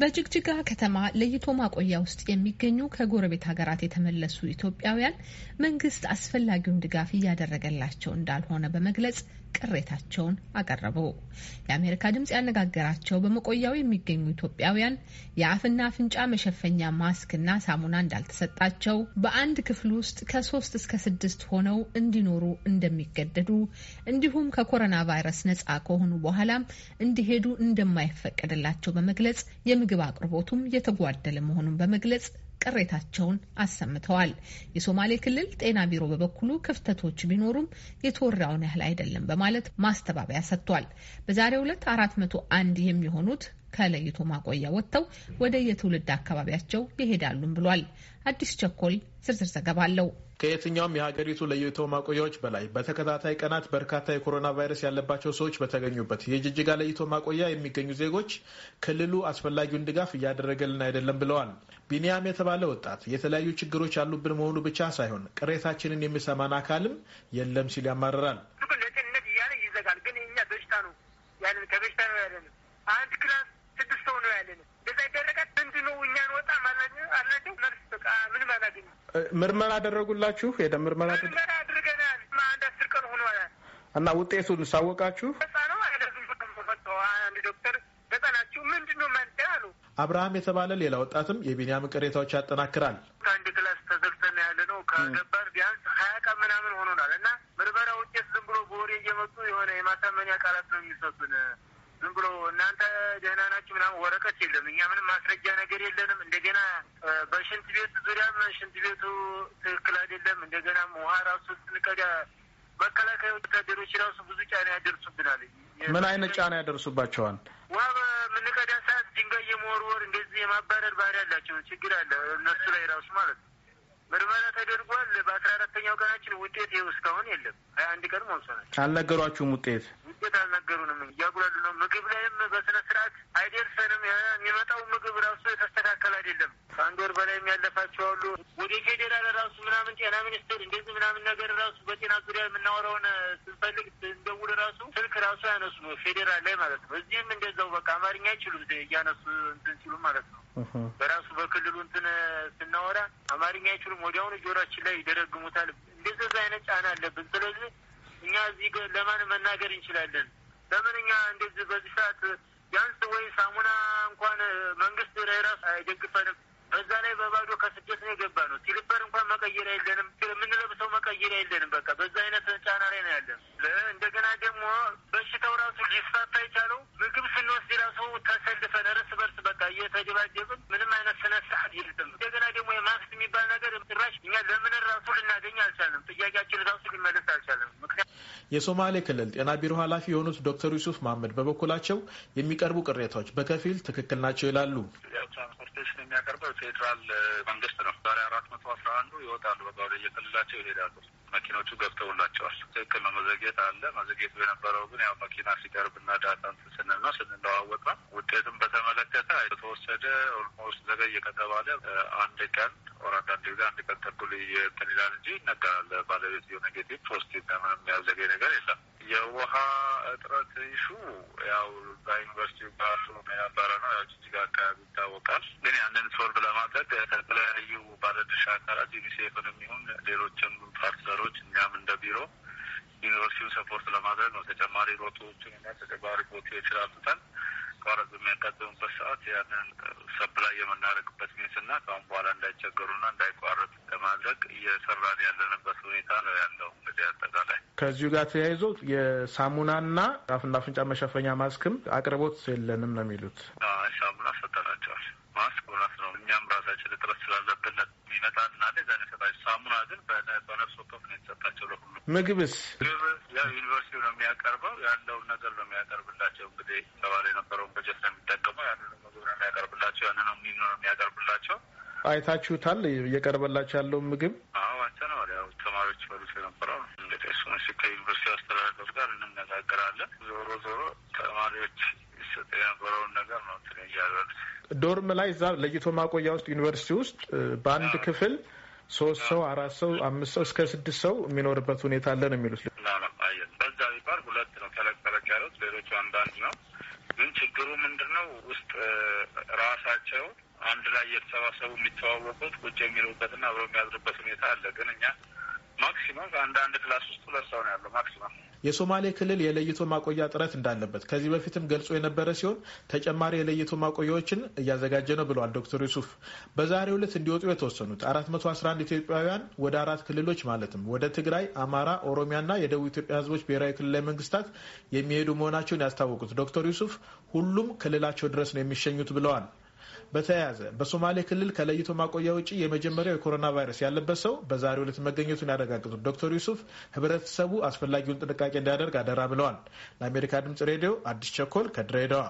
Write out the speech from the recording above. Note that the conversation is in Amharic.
በጅግጅጋ ከተማ ለይቶ ማቆያ ውስጥ የሚገኙ ከጎረቤት ሀገራት የተመለሱ ኢትዮጵያውያን መንግስት አስፈላጊውን ድጋፍ እያደረገላቸው እንዳልሆነ በመግለጽ ቅሬታቸውን አቀረቡ። የአሜሪካ ድምጽ ያነጋገራቸው በመቆያው የሚገኙ ኢትዮጵያውያን የአፍና አፍንጫ መሸፈኛ ማስክና ሳሙና እንዳልተሰጣቸው፣ በአንድ ክፍል ውስጥ ከሶስት እስከ ስድስት ሆነው እንዲኖሩ እንደሚገደዱ፣ እንዲሁም ከኮሮና ቫይረስ ነጻ ከሆኑ በኋላም እንዲሄዱ እንደማይፈቀድላቸው በመግለጽ የምግብ አቅርቦቱም የተጓደለ መሆኑን በመግለጽ ቅሬታቸውን አሰምተዋል። የሶማሌ ክልል ጤና ቢሮ በበኩሉ ክፍተቶች ቢኖሩም የተወራውን ያህል አይደለም በማለት ማስተባበያ ሰጥቷል። በዛሬው ዕለት አራት መቶ አንድ የሚሆኑት ከለይቶ ማቆያ ወጥተው ወደ የትውልድ አካባቢያቸው ይሄዳሉም ብሏል። አዲስ ቸኮል ዝርዝር ዘገባ አለው። ከየትኛውም የሀገሪቱ ለይቶ ማቆያዎች በላይ በተከታታይ ቀናት በርካታ የኮሮና ቫይረስ ያለባቸው ሰዎች በተገኙበት የጅጅጋ ለይቶ ማቆያ የሚገኙ ዜጎች ክልሉ አስፈላጊውን ድጋፍ እያደረገልን አይደለም ብለዋል። ቢኒያም የተባለ ወጣት የተለያዩ ችግሮች ያሉብን መሆኑ ብቻ ሳይሆን ቅሬታችንን የሚሰማን አካልም የለም ሲል ያማርራል። ምርመራ አደረጉላችሁ? የደም ምርመራ አድርገናል። አንድ አስር ቀን ሆኗል። እና ውጤቱን ሳወቃችሁ አብርሃም የተባለ ሌላ ወጣትም የቢንያም ቅሬታዎች ያጠናክራል። ከአንድ ክላስ ተዘግተን ያለ ነው ከገባር ቢያንስ ሀያ ቀን ምናምን ሆኖናል እና ምርመራ ውጤት ዝም ብሎ በወሬ እየመጡ የሆነ የማሳመኒያ ቃላት ነው የሚሰጡን። ዝም ብሎ እናንተ ደህና ናችሁ ምናምን ወረቀት የለም፣ እኛ ምንም ማስረጃ ነገር የለንም። እንደገና በሽንት ቤት ዙሪያም ሽንት ቤቱ ትክክል አይደለም። እንደገናም ውሃ ራሱ ስንቀዳ መከላከያ ወታደሮች ራሱ ብዙ ጫና ያደርሱብናል። ምን አይነት ጫና ያደርሱባቸዋል? ውሃ በምንቀዳ ሰዓት ድንጋይ የመወርወር እንደዚህ የማባረር ባህሪ ያላቸው ችግር አለ እነሱ ላይ ራሱ ማለት ነው። ምርመራ ተደርጓል። በአስራ አራተኛው ቀናችን ውጤት ይኸው እስካሁን የለም። ሀያ አንድ ቀን ሞልሶናል። አልነገሯችሁም ውጤት አልነገሩንም። እያጉላሉ ነው። ምግብ ላይም በስነ ስርዓት አይደርሰንም። የሚመጣው ምግብ ራሱ የተስተካከል አይደለም። ከአንድ ወር በላይም ያለፋቸው አሉ። ወደ ፌዴራል ራሱ ምናምን ጤና ሚኒስቴር እንደዚህ ምናምን ነገር ራሱ በጤና ዙሪያ የምናወራውን ስንፈልግ ስንደውል ራሱ ስልክ ራሱ ያነሱ ነው ፌዴራል ላይ ማለት ነው። እዚህም እንደዛው በቃ አማርኛ አይችሉም እያነሱ እንትን ሲሉ ማለት ነው። በራሱ በክልሉ እንትን ስናወራ አማርኛ አይችሉም። ወዲያውኑ ጆሮችን ላይ ይደረግሙታል። እንደዚህ አይነት ጫና አለብን። ስለዚህ እኛ እዚህ ለማን መናገር እንችላለን? ለምን እኛ እንደዚህ በዚህ ሰዓት ቢያንስ ወይ ሳሙና እንኳን መንግስት ራሱ አይደግፈንም። በዛ ላይ በባዶ ከስደት ነው የገባ ነው። ሲልበር እንኳን መቀየር የለንም፣ የምንለብሰው መቀየር የለንም። በቃ በዛ አይነት ጫና ላይ ነው ያለን። እንደገና ደግሞ በሽታው ራሱ ሊፋታ የቻለው ምግብ ስንወስድ ራሱ ተሰልፈን እርስ በርስ በቃ እየተደባደብን ምንም አይነት ስነ ስርዓት የለም። እንደገና ደግሞ የማክስ የሚባል ነገር ጭራሽ እኛ ለምን ራሱ ልናገኝ አልቻለም። ጥያቄያችን ራሱ ሊመለስ አልቻለም። የሶማሌ ክልል ጤና ቢሮ ኃላፊ የሆኑት ዶክተር ዩሱፍ መሀመድ በበኩላቸው የሚቀርቡ ቅሬታዎች በከፊል ትክክል ናቸው ይላሉ። ትራንስፖርቴሽን የሚያቀርበው ፌዴራል መንግስት ነው። ዛሬ አራት መቶ አስራ አንዱ ይወጣሉ። በቃ ይሄዳሉ። መኪኖቹ ገብተውላቸዋል። ትክክል ነው። መዘግየት አለ። መዘግየቱ የነበረው ግን ያው መኪና ሲቀርብና ዳታ ስንና ስንለዋወቅ ነው። ውጤትም በተመለከተ የተወሰደ ኦልሞስት ዘገየ ከተባለ አንድ ቀን ኦራንዳ እንዲብላ አንድ ቀን ተኩል እንትን ይላል እንጂ ይነገራል። ባለቤት የሆነ ጌዜ ፖስቲቭ ምንም የሚያዘገኝ ነገር የለም። የውሃ እጥረት ይሹ ያው በዩኒቨርሲቲ ባሉ የነበረ ነው። ያው ጅጅጋ አካባቢ ይታወቃል። ግን ያንን ሶልቭ ለማድረግ ከተለያዩ ባለድርሻ አካላት ዩኒሴፍን የሚሆን ሌሎችም ፓርትነሮች እኛም እንደ ቢሮ ዩኒቨርሲቲውን ሰፖርት ለማድረግ ነው ተጨማሪ ሮቶዎችን እና ተጨማሪ ቦቴዎች ላምተን ማቋረጥ በሚያጋጥምበት ሰዓት ያንን ሰፕላይ የምናደርግበት ሚንስ እና ከአሁን በኋላ እንዳይቸገሩና እንዳይቋረጥ ለማድረግ እየሰራን ያለንበት ሁኔታ ነው ያለው። እንግዲህ አጠቃላይ ከዚሁ ጋር ተያይዞ የሳሙና የሳሙናና አፍና አፍንጫ መሸፈኛ ማስክም አቅርቦት የለንም ነው የሚሉት። ሳሙና ሰጠናቸዋል። ማስክ እውነት ነው እኛም ራሳችን እጥረት ስላለብን ይመጣ እና ዛ የሰጣቸው ሳሙና ግን በነፍስ ወከፍ ነው የተሰጣቸው ለሁሉ። ምግብስ ያው ዩኒቨርሲቲ ነው የሚያቀርበው ያለውን ነገር ነው የሚያቀርብላቸው እንግዲህ ተባላይ ነው ነው የሚያቀርብላቸው። አይታችሁታል? እየቀርበላቸው ያለውን ምግብ አይተነዋል። ያው ተማሪዎች በሉት የነበረው እንግዲህ እሱ ከዩኒቨርሲቲ አስተዳደር ጋር እንነጋገራለን። ዞሮ ዞሮ ተማሪዎች ይሰጥ የነበረውን ነገር ነው እንትን እያሉት ዶርም ላይ እዛ ለይቶ ማቆያ ውስጥ ዩኒቨርሲቲ ውስጥ በአንድ ክፍል ሶስት ሰው አራት ሰው አምስት ሰው እስከ ስድስት ሰው የሚኖርበት ሁኔታ አለ ነው የሚሉት። በዛ ቢባል ሁለት ነው ተለቅ ተለቅ ያሉት፣ ሌሎቹ አንዳንድ ነው። ግን ችግሩ ምንድን ነው ውስጥ ራሳ ናቸው። አንድ ላይ የተሰባሰቡ የሚተዋወቁት ቁጭ የሚሉበትና አብረው የሚያድሩበት ሁኔታ አለ። ግን እኛ ማክሲመም አንድ ክላስ ውስጥ ሁለት ሰው ነው ያለው ማክሲመም። የሶማሌ ክልል የለይቶ ማቆያ ጥረት እንዳለበት ከዚህ በፊትም ገልጾ የነበረ ሲሆን ተጨማሪ የለይቶ ማቆያዎችን እያዘጋጀ ነው ብለዋል ዶክተር ዩሱፍ። በዛሬው ዕለት እንዲወጡ የተወሰኑት 411 ኢትዮጵያውያን ወደ አራት ክልሎች ማለትም ወደ ትግራይ፣ አማራ፣ ኦሮሚያና የደቡብ ኢትዮጵያ ህዝቦች ብሔራዊ ክልላዊ መንግስታት የሚሄዱ መሆናቸውን ያስታወቁት ዶክተር ዩሱፍ ሁሉም ክልላቸው ድረስ ነው የሚሸኙት ብለዋል። በተያያዘ በሶማሌ ክልል ከለይቶ ማቆያ ውጭ የመጀመሪያው የኮሮና ቫይረስ ያለበት ሰው በዛሬው ዕለት መገኘቱን ያረጋግጡት ዶክተር ዩሱፍ ህብረተሰቡ አስፈላጊውን ጥንቃቄ እንዲያደርግ አደራ ብለዋል። ለአሜሪካ ድምጽ ሬዲዮ አዲስ ቸኮል ከድሬዳዋ